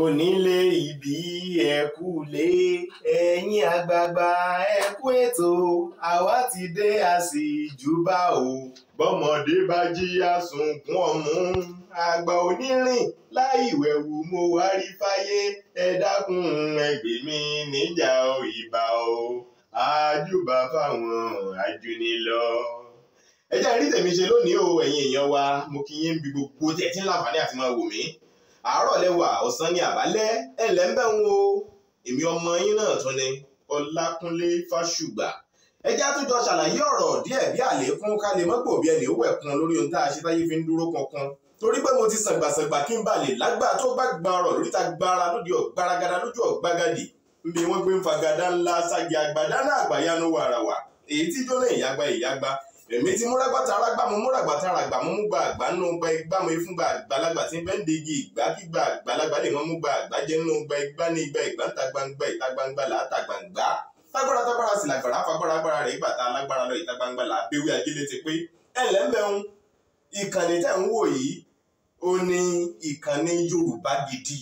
onílé ibi ẹ kú lé ẹ̀yin àgbààgbà ẹ kú ètò àwa ti dé a sì júbà o bọ́mọdé bá jí àsunkún ọmú àgbà onírìn láìwẹ̀wù mo wá rí fáyé ẹ dákun ẹgbẹ́ mi níjà o ìbà o àjùbà fáwọn àjùnilọ ẹ jẹ́ àrí ṣe lónìí o ẹ̀yin èèyàn wa mo kí yín bí gbogbo tẹ̀ tí ń láǹfààní àti máa wò mí àárọ̀ lẹ́wà ọ̀sán ní àbálẹ́ ẹ̀ lẹ́ ń bẹ̀ ń wo èmi ọmọ yín náà tún ni ọlákúnlé fásùgbà ẹ já tún jọ ṣàlàyé ọ̀rọ̀ díẹ̀ bí àlékún ká lè mọ́pò bí ẹnì ó wẹ̀kun lórí ohun tá a ṣe táyé fi ń dúró kankan torí pé mo ti sàgbàsàgbà kí n bà lè lágbà tó bá gba ọ̀rọ̀ lórí ta gbára lóde ọ̀gbaragada lójú ọ̀gbagadì nbí wọ́n gbé ń fagada ńlá ságì àgbàdá náà àgbàyanu wàràwà èyí tí jóná ìyàgbá ìyàgbá èmi ti múragbàtà arágbàmú múragbàtà arágbàmú mú gba àgbà nínú gba igbá mu ifún gba àgbàlagbà tí ń bẹ́ ń digi ìgbà kígbà àgbàlagbà lè wọ́n mú gba àgbà jẹ́ nínú gba igbá ní igba ìgbà ńta gbangba ìta gbangba làátà gbangba tágbára tágbára sì làgbàrá fagbára agbára rẹ̀ ìgbà tá alágbára lọ ìta gbangba là abéwé agilé ti pé ẹlẹ́mẹ̀ún ìkànnì tẹ̀ ń wò yìí ó ní ìkànnì Yorùbá Gidi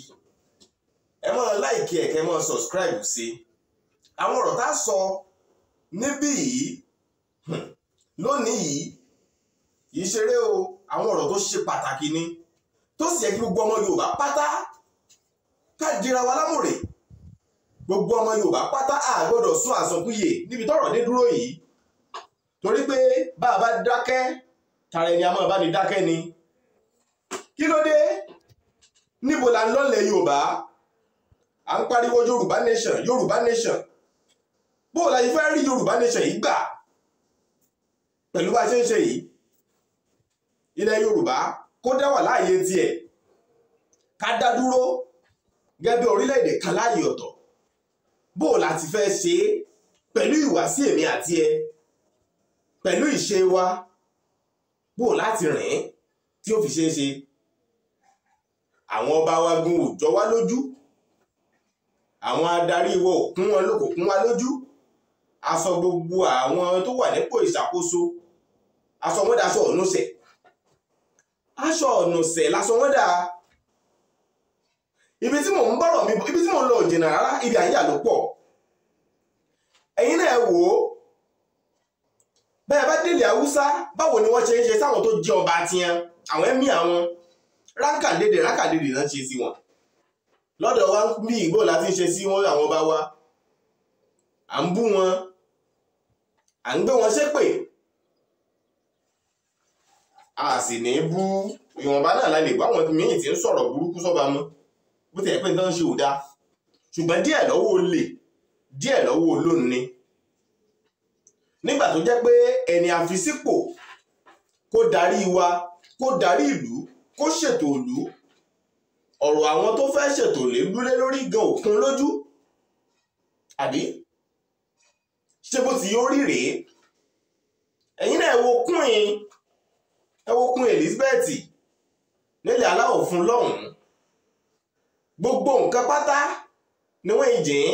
ẹ mọ́ láìkí ẹ̀kẹ́ mọ́ subscribe sí àwọn ọ̀rọ̀ tá a sọ níbí yìí lónìí yìí kìí ṣeré o àwọn ọ̀rọ̀ tó ṣe pàtàkì ni tó sì yẹ kí gbogbo ọmọ Yorùbá pátá ká wa lámòrè gbogbo ọmọ Yorùbá pátá a gbọ́dọ̀ sún àsọkúyè níbi tọ́rọ̀ dé dúró yìí torí pé bá a bá dákẹ́ tààrà ẹni a máa ní dákẹ́ ni kí ló dé níbo la ń lọ́lẹ̀ Yorùbá à ń pariwo Yorùbá nation Yorùbá nation bó o la yìí fẹ́ rí Yorùbá nation yìí gbà pẹ̀lú bá a ṣe ń ṣe yìí ilẹ̀ yorùbá kó dẹ́wà láàyè tiẹ̀ ká dá dúró gẹ́gẹ́ bí orílẹ̀-èdè kan láàyè ọ̀tọ̀ bó o láti fẹ́ ṣe é pẹ̀lú ìwàsí èmi àti ẹ pẹ̀lú ìṣe wa bó o láti rìn tí ó fi ṣeé ṣe àwọn ọba wa gun òòjọ́ wa lójú àwọn adarí wa ò wọn lókùnkún wa lójú a gbogbo àwọn tó wà nípò ìṣàkóso aṣọ wọn dà aṣọ ọ̀nà sẹ̀ aṣọ ọ̀nà sẹ̀ lásọ wọn dà ibi tí mò ń bọ̀rọ̀ mi ibi tí mò ń lọ òjìnà rárá ibi àyíyà ló pọ̀ ẹ̀yin náà wò ó bẹ́ẹ̀ bá délé haúsá báwo ni wọ́n ṣe ń ṣe sáwọn tó jẹ́ ọba tiẹn àwọn ẹ̀mí àwọn rákàndédè rákàndédè náà ṣe sí wọn lọ́dọ̀ wa bí ìgbò láti ṣe sí wọn àwọn ọba wa à ń bú wọn à ń gbé wọn ṣépè a sì ní bú ìwọ̀nba náà la lè gbọ́ àwọn míì tí ń sọ̀rọ̀ burúkú sọ́ba mọ́ bó ti yẹ pé nǹkan ṣe ò dáa ṣùgbọ́n díẹ̀ lọ́wọ́ olè díẹ̀ lọ́wọ́ olóòní nígbà tó jẹ́ pé ẹni àfisípò kó darí wa kó darí ìlú kó ṣètò ìlú ọ̀rọ̀ àwọn tó fẹ́ ṣètò lébúlé lórí gan òkun lójú àbí ṣé bó ti yóò rí rèé ẹ̀yin náà wo kúnyìn ẹ wo Queen Elizabeth nílẹ̀ aláwọ̀ fún lọ́hùn-ún gbogbo nǹkan pátá ni wọ́n ń jìn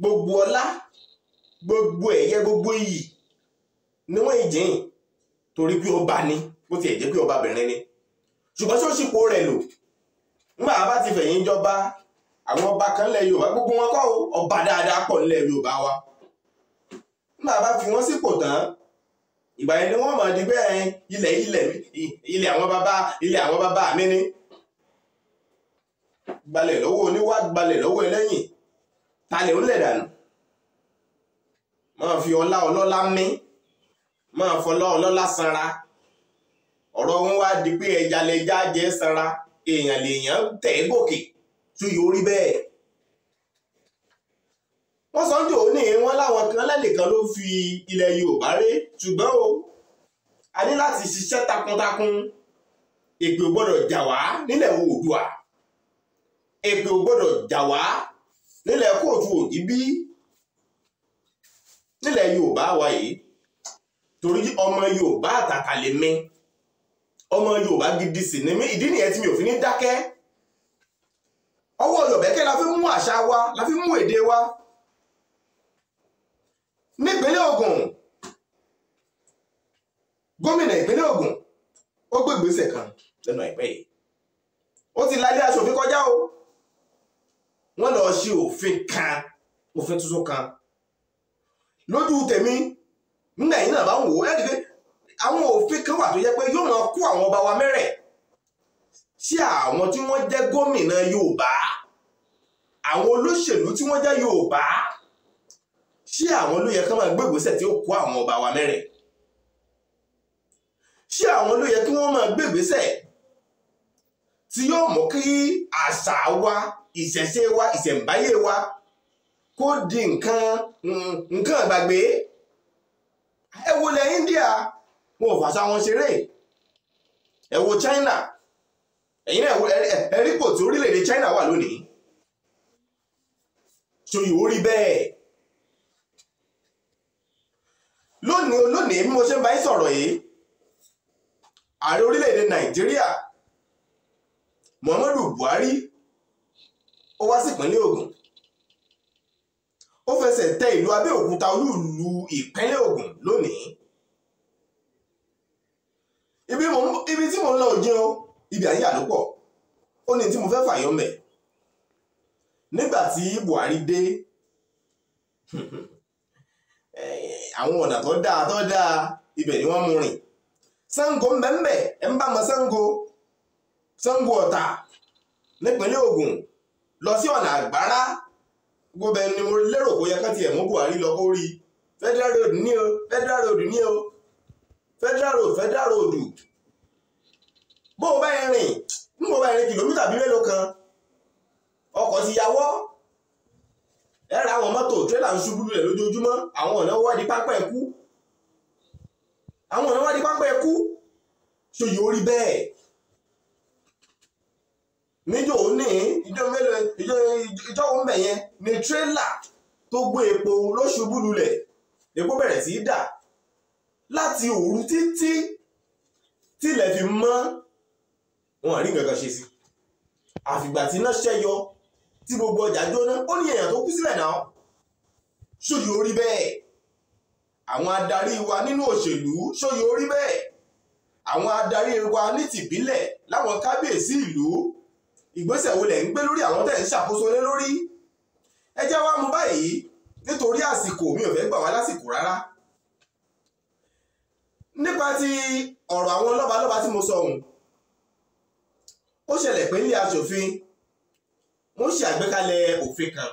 gbogbo ọlá gbogbo ẹ̀yẹ gbogbo iyì ni wọ́n ń jìn torí pé ọba ni bó tiẹ̀ jẹ́ pé ọbabìnrin ni ṣùgbọ́n tí ó sì kó rẹ̀ lò nígbà bá ti fẹ̀yìn jọba àwọn ọba kan lẹ̀ Yorùbá gbogbo wọn kọ́ ọba dáadáa pọ̀ nílẹ̀ Yorùbá wa nígbà bá fi wọ́n sípò tán ìgbà yẹn ni wọ́n mọ̀ di bẹ́ẹ̀ ilẹ̀ ilẹ̀ ilẹ̀ àwọn bàbá ilẹ̀ àwọn bàbá mi ni gbalẹ̀ lọ́wọ́ oníwà gbalẹ̀ lọ́wọ́ ẹlẹ́yìn talẹ̀ ń lẹ̀ dànù máa fi ọlá ọlọ́lá mí máa fọlá ọlọ́lá sanra ọ̀rọ̀ wọn wá di pé ẹja lẹja jẹ sanra èèyàn lèèyàn tẹ̀ gòkè tún yóò rí bẹ́ẹ̀ wọ́n sọ jò ní wọ́n láwọn kan lẹ́nìkan ló fi ilẹ̀ Yorùbá ré ṣùgbọ́n o a ní láti ṣiṣẹ́ takuntakun èpè ò gbọ́dọ̀ jà wá nílẹ̀ Oòduà èpè ò gbọ́dọ̀ jà wá nílẹ̀ kóòtù Ògìbí nílẹ̀ Yorùbá wa yìí torí ọmọ Yorùbá àtàtà lè mi ọmọ Yorùbá gidi sì ni mí ìdí nìyẹn tí mi ò fi ní dákẹ́ ọwọ́ Yọ̀bẹ́kẹ́ la fi mú àṣà wa la fi mú èdè wa nípínlẹ̀ Ògùn gómìnà ìpínlẹ̀ Ògùn ó gbé ìgbésẹ̀ kan lẹ́nu àìpẹ́ yìí ó ti lálé aṣòfin kọjá o wọ́n lọ ṣe òfin kan òfin tuntun kan lójú tèmi nígbà yìí náà bá ń wò ó ẹ́ẹ̀dì pé àwọn òfin kan wà tó yẹ pé yóò máa kó àwọn ọba wa mẹ́rẹ̀ sí àwọn tí wọ́n jẹ́ gómìnà Yorùbá àwọn olóṣèlú tí wọ́n jẹ́ Yorùbá ṣé àwọn ló yẹ kí wọ́n máa gbé ìgbésẹ̀ tí ó kó àwọn ọba wa mẹ́rẹ̀ ṣé àwọn ló yẹ kí wọ́n máa gbé ìgbésẹ̀ tí yóò mú kí àṣà wa ìṣẹ̀ṣe wa ìṣẹ̀ǹbáyé wa kó di nǹkan nǹkan àgbàgbé ẹ wo ilẹ̀ India wọn ò fàṣà wọn ṣeré ẹ wo China ẹ̀yin ẹ rí pò tí orílẹ̀-èdè China wà lónìí ṣòyìnbó rí bẹ́ẹ̀ lónìí olónìí bí mo ṣe ń bá yín sọ̀rọ̀ yìí ààrẹ orílẹ̀-èdè nàìjíríà muhammadu buhari ó wá sí ìpínlẹ̀ ògùn ó fẹsẹ̀ tẹ ìlú abẹ́òkúta olúùlú ìpínlẹ̀ ògùn lónìí ibi tí mo ń lọ òjin o ibi àyè àlòpọ̀ ó ní tí mo fẹ́ fàyọ́ mẹ́ nígbà tí buhari dé àwọn ọ̀nà tó dáa tó dáa ibẹ̀ ni wọ́n mú rìn sango mbẹ́mbẹ́ ẹ̀ ń bá mọ Ṣàngó Ṣàngó Ọ̀tà nípínlẹ̀ Ògùn lọ sí ọ̀nà Àgbàrá gbogbo ẹni ni mo lérò kó yẹ ká tiẹ̀ mú Buhari lọ kó rí Federal Road ní o Federal Road ní o Federal Road Federal Road bó o bá yẹn rìn ń bó o bá yẹn rìn kìlómítà mélòó kan ọkọ̀ ti yàwọ́ ẹ ra àwọn mọ́tò tírélà ń ṣubú lulẹ̀ lójoojúmọ́ àwọn ọ̀nà wá di pápá ẹ̀kú àwọn ọ̀nà wá di pápá ẹ̀kú ṣe yóò rí bẹ́ẹ̀ níjọ́ òní ìjọ mélòó ìjọ òun bẹ̀ yẹn ni tírélà tó gbé epo ló ṣubú lulẹ̀ epo bẹ̀rẹ̀ sí í dà láti òru títí tílẹ̀ fi mọ́ wọn àrí nǹkan kan ṣe sí àfìgbà tí iná ṣẹ́yọ tí gbogbo ọjà jóná ó ní èèyàn tó kú sílẹ̀ náà ṣòyí orí bẹ́ẹ̀ àwọn adarí wa nínú òṣèlú ṣòyí orí bẹ́ẹ̀ àwọn adarí wa ní tìbílẹ̀ láwọn kábíyèsí ìlú ìgbésẹ̀ wo lẹ̀ ń gbé lórí àwọn tẹ̀ ń ṣàkóso lé lórí ẹ jẹ́ wá mú báyìí nítorí àsìkò mi ò fẹ́ gbà wá lásìkò rárá nípa ti ọ̀rọ̀ àwọn lọ́balọ́ba tí mo sọ ohun ó ṣẹlẹ̀ pé ilé aṣòfin wọ́n ṣe àgbékalẹ̀ òfin kan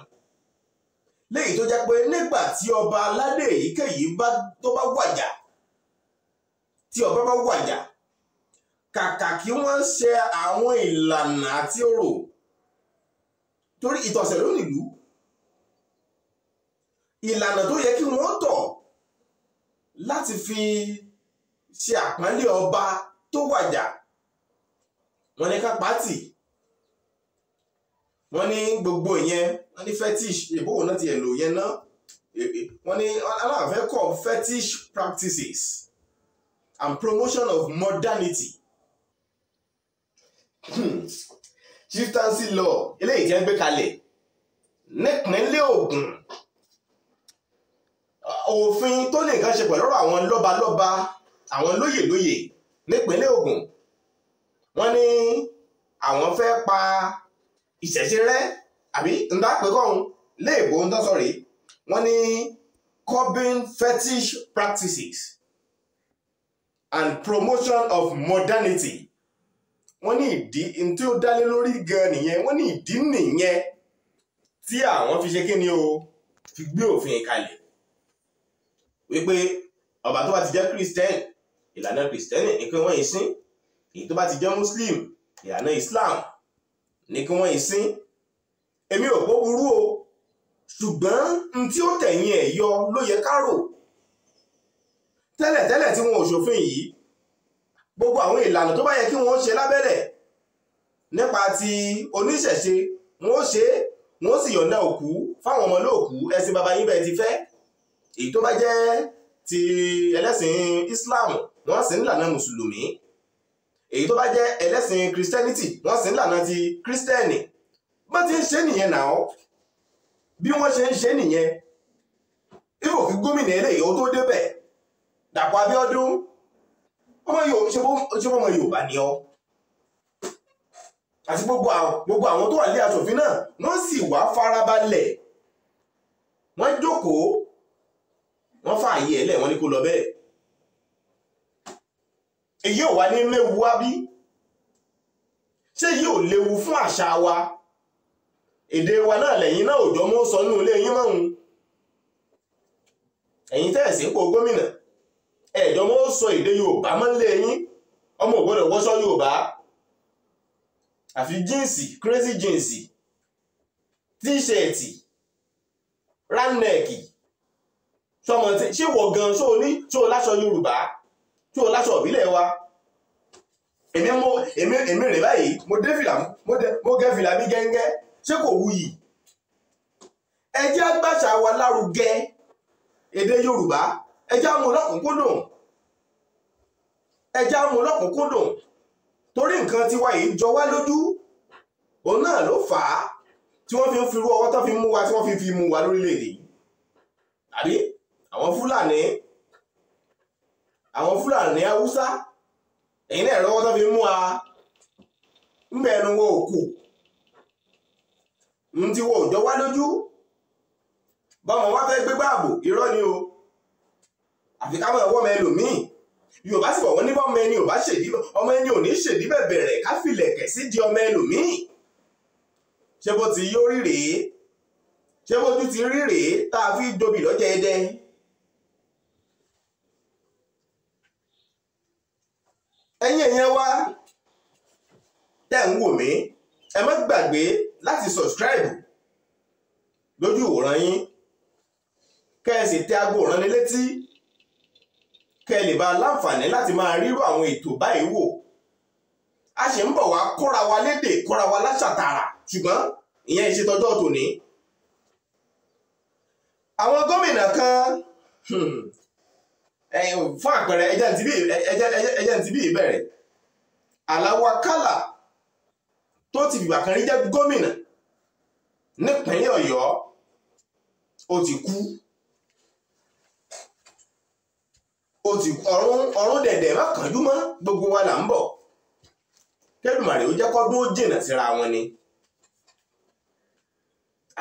léyìí tó jẹ́ pé nígbà tí ọba aládé èyíkéyìí bá tó bá wàjà tí ọba bá wàjà kàkà kí wọ́n ṣe àwọn ìlànà àti orò torí ìtọ̀sẹ̀ ló nílùú ìlànà tó yẹ kí wọ́n tọ̀ láti fi ṣe àpọ́nlé ọba tó wàjà wọ́n ní ká pàtì wọ́n ní gbogbo ìyẹn wọ́n ní fetish ìbòwò náà ti ẹ̀ lò yẹn náà e, e, wọ́n ní aláàfẹ́ fetish practices and promotion of modernity hmm. chieftaincy law eléyìí jẹ́ gbé kalẹ̀ nípínlẹ̀ Ògùn òfin tó ní nǹkan ṣe pẹ̀lú ọ̀rọ̀ àwọn lọ́balọ́ba àwọn lóyèlóyè nípínlẹ̀ ogun. wọ́n ní àwọn fẹ́ pa ìṣẹ̀ṣe rẹ àbí ńdá pẹ̀kọ́hún léèbó ń tán sọ̀rí wọ́n ní curbing fetish practices and promotion of modernity wọ́n ní ìdí tí ó dálé lórí gan nìyẹn wọ́n ní ìdí nìyẹn tí àwọn fi ṣe kí ni o fi gbé òfin kalẹ̀ wípé ọba tó bá ti jẹ́ Christian. ìlànà kristẹni ni pé wọ́n yìí sìn èyí tó bá ti jẹ́ muslim ìlànà islam ní kí wọ́n yìí sín èmi ò kó burú o ṣùgbọ́n n tí ó tẹ̀yìn ẹ̀ yọ ló yẹ ká rò tẹ́lẹ̀tẹ́lẹ̀ tí wọn ò ṣòfin yìí gbogbo àwọn ìlànà tó bá yẹ kí wọ́n ṣe lábẹ́lẹ̀ nípa ti oníṣẹ̀ṣe wọn ó ṣe wọn ó sì yọ̀ǹda òkú fáwọn ọmọ olóòkú ẹ̀sìn baba yín bẹ́ẹ̀ ti fẹ́ èyí tó bá jẹ́ ti ẹlẹ́sìn Islam wọ́n sì ń lànà mùsùlùmí èyí tó bá jẹ́ ẹlẹ́sìn christianity wọ́n sì ń lànà ti kírísítẹ́nì bá ti ń ṣe nìyẹn náà bí wọ́n ṣe ń ṣe nìyẹn ibò kí gómìnà eléyìí ó tó débẹ̀ Dàpọ̀ Abíọ́dún ọmọ Yorùbá ṣe bọ́ ọmọ Yorùbá ni ọ́ àti gbogbo àwọn tó wà lé aṣòfin náà wọ́n sì wá farabalẹ̀ wọ́n jókòó wọ́n fààyè ẹ̀lẹ́ wọ́n ní kó lọ bẹ́ẹ̀ èyí ò wá ní léwu wá bí ṣé èyí ò léwu fún àṣà wa èdè wa náà lẹ́yìn náà òjò mú sọ nínú ilé yín mọ́hún ẹ̀yin tẹ́ ẹ̀ sí ipò gómìnà ẹ̀jọ̀ mọ́ sọ èdè Yorùbá mọ́ nílé yín ọmọ ò gbọ́dọ̀ wọṣọ Yorùbá àfi jíǹsì crazy jíǹsì tíṣẹ̀ẹ̀tì ránẹ̀kì sọmọ tí ṣé wọ̀ gan ṣó ní ṣó láṣọ Yorùbá tí o láṣọ ìbílẹ̀ wa èmi mo èmi èmi rè báyìí mo dé fìlà mo dé mo gẹ fìlà mi gẹ́ngẹ́ ṣé kò wuyì ẹ jẹ́ a gbé àṣà wa lárugẹ èdè Yorùbá ẹ jẹ́ a mú lọ́kùnkúndùn ẹ jẹ́ a mú lọ́kùnkúndùn torí nǹkan tiwa yìí jọ wá lójú òun náà ló fà á tí wọ́n fi ń fi irú ọwọ́ tán fi mú wa tí wọ́n fi fi mú wa lórílẹ̀‐èdè yìí àbí àwọn Fúlàní àwọn fúlàní haúsá èyí náà lọ́wọ́ tó fi mú wa ń bẹ̀ẹ́nu wo òkú ń ti wo òjò wá lójú bọ́mọ wá fẹ́ gbégbá ààbò irọ́ ni o àfi ká mọ̀ ẹ̀wọ́ ọmọ ẹlòmíì yorùbá sì bọ̀ wọ́n ní bọ́ ọmọ ẹni ò bá ṣèdí ọmọ ẹni ò ní ṣèdí bẹ̀bẹ̀rẹ̀ ká sí di ọmọ ẹlòmíì ṣé bó ti yóò rí rèé ṣé bójú ti rí rèé tá a fi jobi lọ́jọ́ ẹdẹ gbàgbé láti subscribe lójú ìwòran yín kẹ́ ẹ sì tẹ aago ìránlẹ́ létí kẹ́ ẹ lè bá láǹfààní láti máa rírò àwọn ètò báyìí wò a sì ń bọ̀ wá kóra wa lédè kóra wa láṣà ṣùgbọ́n ìyẹn ìṣètọ́jọ́ tòní. àwọn gómìnà kan hmm, fún àpẹẹrẹ ẹjẹ ti bí ìbẹ̀rẹ̀ aláwakálà tó ti fìgbà kan rí jẹ́ gómìnà nípínlẹ̀ ọ̀yọ́ ó ti kú ó ti ọ̀run ọ̀run dẹ̀dẹ̀ má kánjú mọ́ gbogbo wa là ń bọ̀ kẹ́dùmàrè ó jẹ́ kọ́dún ó jìnà síra wọn ni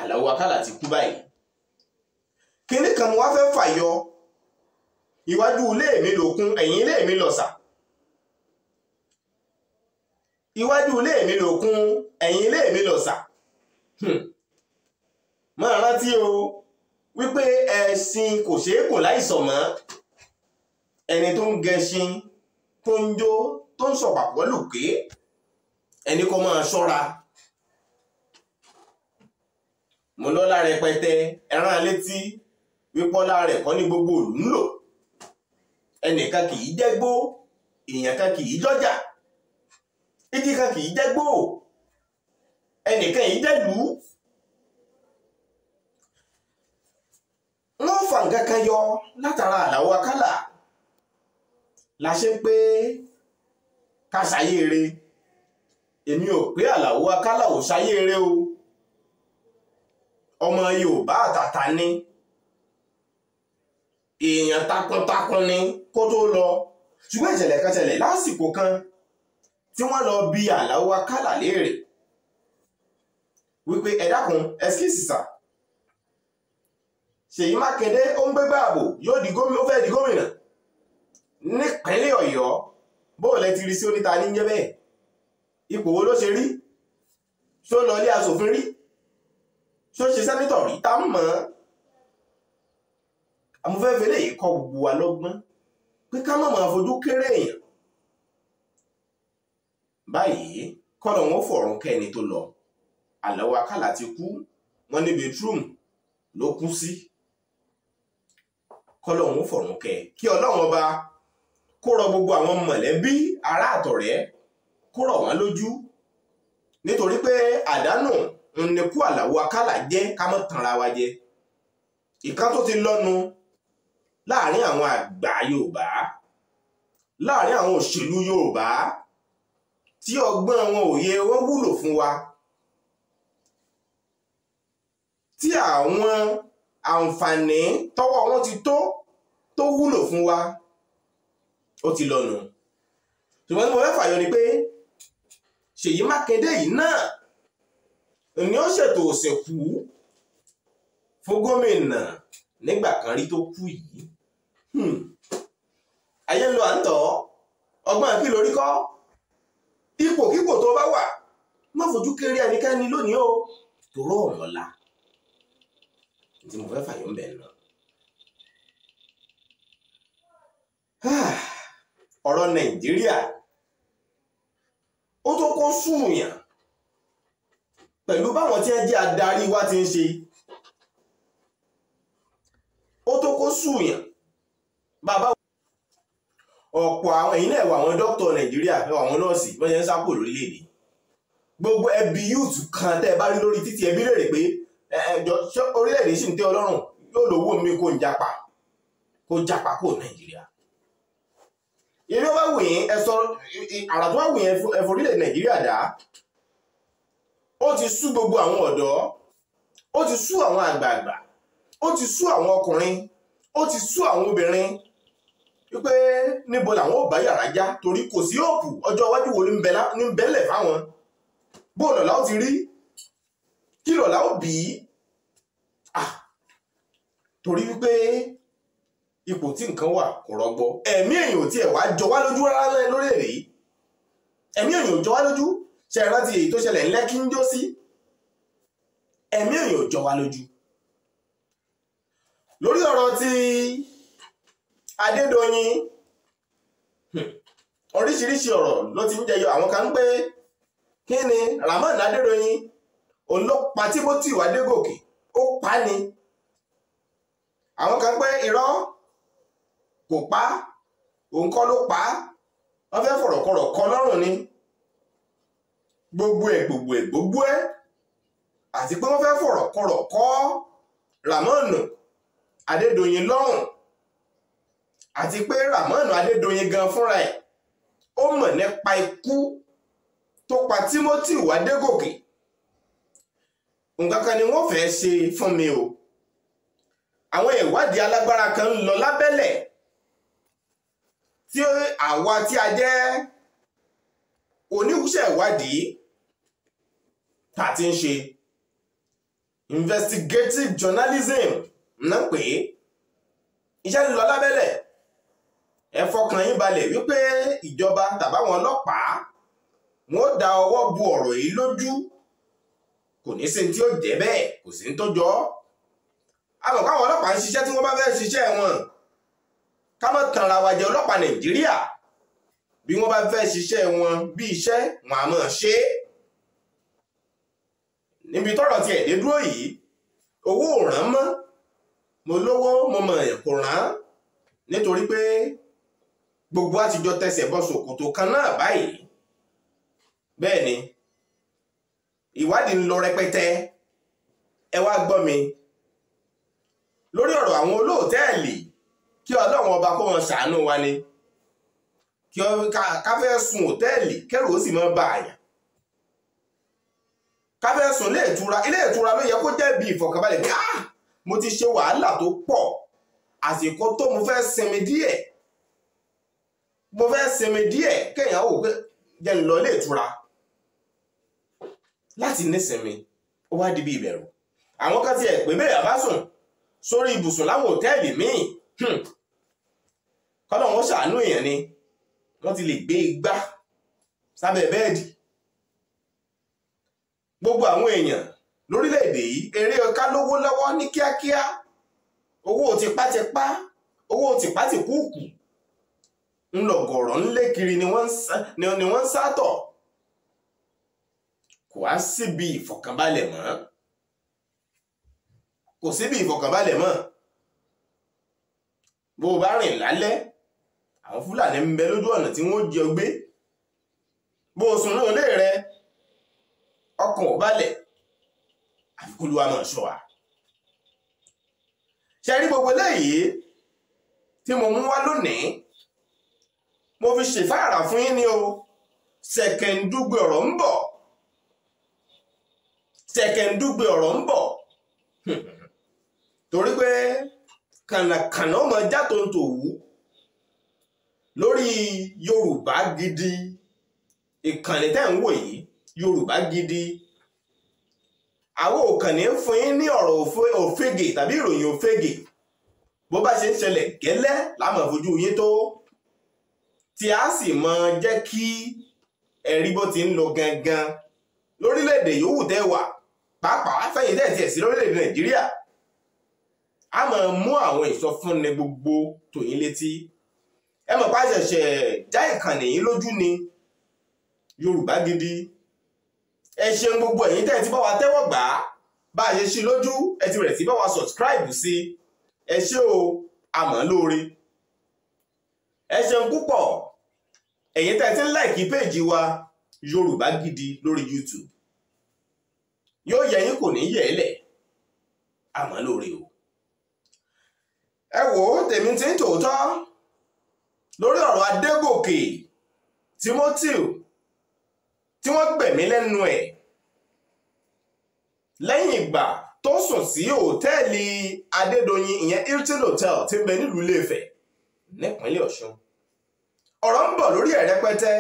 Àlàó Wakálà ti kú báyìí kínní kan mo wá fẹ́ fàyọ ìwájú ilé mi lòkun ẹ̀yìn ilé mi lọ̀sà iwájú ilé mi lòkun ẹ̀yìn ilé mi lọ̀sà máa hmm. rántí o wípé ẹ̀sìn kò ṣeé kò láìsọ̀ mọ́ ẹni tó ń gẹṣin tó ń jó tó ń sọ̀pàpọ̀ lùké ẹni kó máa ṣọ́ra mo lọ́la rẹpẹtẹ ẹran létí wípọ́lá rẹ̀ kọ́ ní gbogbo òlù ń lò ẹnìkan kì í jẹ́gbó èèyàn kan kì í jọ́jà igi kan kì í jẹ́gbó ẹnìkan yìí dẹ́lù wọ́n fa nǹkan kan yọ látara àdáwọ̀ akálà la ṣe ń pé kásáyére èmi ò pé àlàó akálà ò ṣayére o ọmọ yorùbá àtàtà ni èèyàn takuntakun ni kó tó lọ ṣùgbọ́n ìṣẹ̀lẹ̀ kan ṣẹlẹ̀ lásìkò kan tí wọ́n lọ bi àlàó akálà léèrè wípé ẹ dákun ẹskíìsì sà Ṣèyí Mákindé ó ń gbégbá ààbò yóò di gómìnà ó fẹ́ di gómìnà nípínlẹ̀ Ọ̀yọ́ bóò lẹ ti rí sí oníta ní jẹ́ bẹ́ẹ̀ ipò wo ló ṣe rí ṣó lọ ilé asòfin rí ṣó ṣe sẹ́nítọ̀ rí tá mọ̀ ọ́n mo fẹ́ fẹ́lẹ́ yìí kọ́ gbogbo wa lọ́gbọ́n pé ká má máa fojú kéré èèyàn báyìí kọ́nà wọn fọ̀rùn kẹ́ni tó lọ Àlàó Akálà ti kú wọ́n ní bedroom ló kú sí kọ́lọ́hún fọ̀rùn kẹ́ kí ọlọ́run ọba kó rọ gbogbo àwọn mọ̀lẹ́bí ará àtọ̀rẹ́ kó rọ̀ wọ́n lójú nítorí pé àdánù nnekú Àlàó Akálà jẹ́ ká mọ́ tanra wa jẹ ìkan tó ti lọ́nu láàrin àwọn àgbà Yorùbá láàrin àwọn òṣèlú Yorùbá tí ọgbọ́n wọn òye wọn wúlò fún wa tí àwọn àǹfààní tọ́wọ́ wọn ti tó tó wúlò fún wa ó ti lọ nù ṣùgbọ́n tí mo fẹ́ fàyọ ni pé Ṣèyí Mákindé yìí náà ni ó ṣètò òsìnkú fún gómìnà nígbà kan rí tó kú yìí hmm. ayé ń lo àǹtọ̀ ọgbọ́n kí lórí kọ́ ipòkípò tó bá wà má fojú kéré ẹnikẹ́ni lónìí o tòró ọ̀mọ̀la tí mo fẹ́ fàyọ̀ ń bẹ̀ lọ. ọ̀rọ̀ nàìjíríà ó tó kó súnmùyàn pẹ̀lú báwọn tí ẹ jẹ́ adarí wa ti ń ṣe ó tó kó súnmùyàn bàbá ọ̀pọ̀ àwọn ẹ̀yin náà wà àwọn dókítà nàìjíríà àwọn nọ́ọ̀sì wọ́n yẹn ń sápò lórílẹ̀‐èdè gbogbo ẹbí yúùtù kan tẹ́ ẹ bá rí lórí títì ẹbí rèé pé ẹjọ́ orílẹ̀-èdè sì ń tẹ́ ọlọ́run yóò lówó mi kó ń japa kó japa kó nàìjíríà ìlú wa wù ẹsọ àrà tó wà wù yín ẹforílẹ̀ nàìjíríà dá ó ti sú gbogbo àwọn ọ̀dọ́ ó ti sú àwọn àgbààgbà ó ti sú àwọn ọkùnrin ó ti sú àwọn obìnrin wípé níbo làwọn ò bá yàrá já torí kò sí òpù ọjọ́ iwájú wo ayọ̀ la ó bí torí wípé ipò tí nǹkan wà kò rọgbọ ẹ̀mí èèyàn ò tiẹ̀ wá jọ wá lójú rárá lórílẹ̀‐èdè yìí ẹ̀mí èèyàn ò jọ wá lójú ṣe é rántí èyí tó ṣẹlẹ̀ lẹ́kí ń jó sí ẹ̀mí èèyàn ò jọ wá lójú lórí ọ̀rọ̀ ti Adédoyin hmm, oríṣiríṣi ọ̀rọ̀ ló ti ń jẹyọ àwọn kan ń pé kí ni Rahmon Adédoyin òun ló pa Timothy Adégòkè ó pa ni àwọn kan pé irọ́ kò pa òun kọ́ ló pa wọ́n fẹ́ fọ̀rọ̀kọ̀rọ̀ kọ lọ́rùn ni gbogbo ẹ̀ gbogbo ẹ̀ gbogbo ẹ̀ àti pé wọ́n fẹ́ fọ̀rọ̀kọ̀rọ̀ kọ́ Ramọ́nù Adédoyin lọ́rùn àti pé Ramọ́nù Adédoyin gan fúnra ẹ̀ ó mọ̀ nípa ikú tó pa Timothy Adégòkè nǹkan kan ni wọ́n fẹ́ẹ́ ṣe fún mi o àwọn ìwádìí alágbára kan ń lọ lábẹ́lẹ̀ tí àwa tí a jẹ́ oníwúṣẹ́ ìwádìí tá a ti ń ṣe investigative journalism náà pé iṣẹ́ ń lọ lábẹ́lẹ̀ ẹ fọkàn yín balẹ̀ wípé ìjọba tàbáwọn ọlọ́pàá wọn ó da ọwọ́ bu ọ̀rọ̀ yìí lójú kò ní sí tí ó jẹ́ bẹ́ẹ̀ kò sí tó jọ àbọ̀kọ́ àwọn ọlọ́pàá ń ṣiṣẹ́ tí wọ́n bá fẹ́ ṣiṣẹ́ wọn ká má tanra wa jẹ ọlọ́pàá Nàìjíríà bí wọ́n bá fẹ́ ṣiṣẹ́ wọn bí iṣẹ́ wọn àmọ́ ṣe é níbi tọ́rọ̀ tiẹ̀ dé dúró yìí owó ò rán mọ́ mo lówó mo mọ̀ ẹ̀ kò rán nítorí pé gbogbo àtijọ́ tẹsẹ̀ bọ́ ṣòkòtò kan náà báyìí bẹ́ẹ̀ ni ìwádìí ń lọ rẹpẹtẹ ẹ wá gbọ́ mi lórí ọ̀rọ̀ àwọn olóòtẹ́ẹ̀lì kí ọlọ́run ọba kó wọn ṣàánú wa ni kí ká fẹ́ sùn òtẹ́ẹ̀lì kẹ́rù ó sì mọ́ bá àyàn ká fẹ́ sùn ilé ìtura ilé ìtura ló yẹ kó jẹ́ bí ìfọ̀kànbalẹ̀ pé ah mo ti ṣe wàhálà tó pọ̀ àsìkò tó mo fẹ́ sinmi díẹ̀ mo fẹ́ sinmi díẹ̀ kéèyàn ò jẹ́ ń lọ ilé ìtura láti nísinmi ó wá di bí ìbẹ̀rù àwọn kan tiẹ̀ pé bẹ́ẹ̀ bá sùn sórí ibùsùn láwọn òtẹ́ẹ̀lì míì hmm, kọ́nà wọn ṣàánú èèyàn ni wọ́n ti lè gbé igbá sábẹ́ bẹ́ẹ̀dì gbogbo àwọn èèyàn lórílẹ̀‐èdè yìí eré ọ̀ká lówó lọ́wọ́ ní kíákíá owó tipátipá owó tipátipúùkù ńlọgọ̀rọ̀ ńlé kiri ni wọ́n ń sátọ̀ kò wá síbi ìfọ̀kànbalẹ̀ mọ́ kò síbi ìfọ̀kànbalẹ̀ mọ́ bó o bá rìn lálẹ́ àwọn fúlàní ń bẹ lójú ọ̀nà tí wọ́n jẹ gbé bó o sùn ní olé rẹ ọkàn ò balẹ̀ àfikúlù àmọ̀ ṣọ́ wa ṣe rí gbogbo eléyìí tí mo mú wá lónìí mo fi ṣèfáàrà fún yín ni o ṣẹ̀kẹ̀ǹdúgbẹ̀ ọ̀rọ̀ ń bọ̀ tẹ̀kẹ̀ndúgbe ọ̀rọ̀ ń bọ̀ hmm. torí pé kànàkànà ọmọ jàtò ń tòwú lórí Yorùbá Gidi ìkànnì tẹ́ ń wò yìí Yorùbá Gidi àwọn òkànnì ń fún yín ní ọ̀rọ̀ òfegè tàbí ìròyìn òfegè bó bá ṣe ń ṣẹlẹ̀ gẹ́lẹ́ lámọ̀ fojú yín tó tí a sì mọ jẹ́ kí ẹ̀rí bó ti ń lọ gangan lórílẹ̀ yòówù tẹ́ wà pàápàá sẹ́yìn tẹ̀ tiẹ̀ sí lórílẹ̀‐èdè nàìjíríà a máa mú àwọn ìsọfúnni gbogbo tòyín létí ẹ mọ̀ pa ṣẹ̀ṣẹ̀ já ìkànnì yín lójú ni yorùbá gidi ẹ ṣeun gbogbo ẹ̀yin tẹ̀ ti bá wa tẹ́wọ̀ gbà á bá a ṣe ṣí lójú ẹ ti bẹ̀rẹ̀ sí bá wa subscribe sí ẹ ṣé o àmọ́ lóore ẹ ṣeun púpọ̀ ẹ̀yin tẹ̀ ti ń láìkí péèjì wa yorùbá gidi lórí youtube yóò yẹ yín kò ní yẹ ẹ lẹ̀ àmọ́ lórí o. ẹ wò ó tèmi ti ń tòótọ́ lórí ọ̀rọ̀ Adégòkè Timothy tí wọ́n gbẹ̀mí lẹ́nu ẹ̀ lẹ́yìn ìgbà tó sùn sí òtẹ́ẹ̀lì Adédoyin ìyẹn Hilton hotel ti ń bẹ nílùú Ilé-Ifẹ̀ nípínlẹ̀ Ọ̀ṣun ọ̀rọ̀ ń bọ̀ lórí ẹ̀ rẹpẹtẹ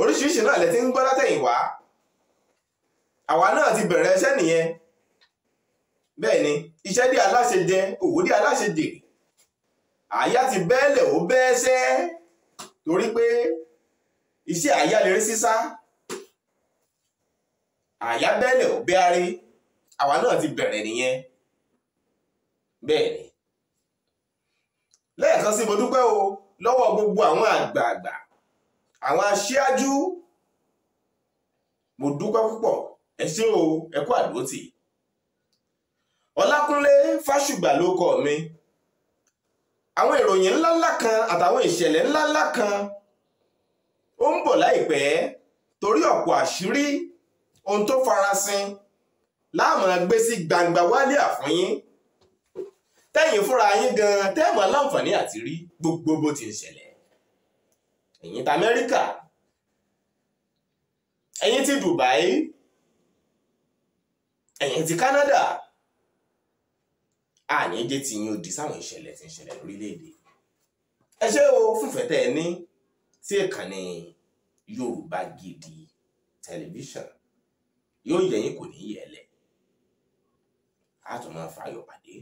oríṣiríṣi náà lẹ ti ń gbọ́ látẹ̀yìnwá àwa náà ti bẹ̀rẹ̀ iṣẹ́ nìyẹn bẹ́ẹ̀ ni iṣẹ́ dí aláṣẹ jẹ òwò dí aláṣẹ jẹ àyà ti bẹ́ẹ̀lẹ̀ ó bẹ́ẹ́sẹ́ torí pé iṣẹ́ àyà lè rí sísá àyà bẹ́ẹ̀lẹ̀ ó bẹ́ẹ́rí àwa náà ti bẹ̀rẹ̀ nìyẹn bẹ́ẹ̀ ni lẹ́ẹ̀kan sí mo dúpẹ́ o lọ́wọ́ gbogbo àwọn àgbààgbà àwọn aṣíájú mo dúpẹ́ púpọ̀ ẹ ṣé o ẹ kú àdótì ọlákúnlé fásùgbà ló kọ mi àwọn ìròyìn ńláńlá kan àtàwọn ìṣẹ̀lẹ̀ ńláńlá kan ó ń bọ̀ láìpẹ́ torí ọ̀pọ̀ àṣírí ohun tó farasin láàmú gbé sí gbangba wálé àfúnyín tẹ́yìn fúnra yín gan tẹ́ẹ̀mọ́ láǹfààní àti rí gbogbo bó ti ń ṣẹlẹ̀ ẹ̀yin ti amẹ́ríkà ẹ̀yin ti dubai ẹ̀yin ti canada àní jẹ́ ti yín odi sáwọn ìṣẹ̀lẹ̀ tí ń ṣẹlẹ̀ lórílẹ̀‐èdè ẹ ṣé o fúnfẹ́ tẹ́ ẹ ní sí ìkànnì yorùbá gidi tẹlifíṣàn yóò yẹ yín kò ní yẹ lẹ̀ á tún máa fààyò pàdé.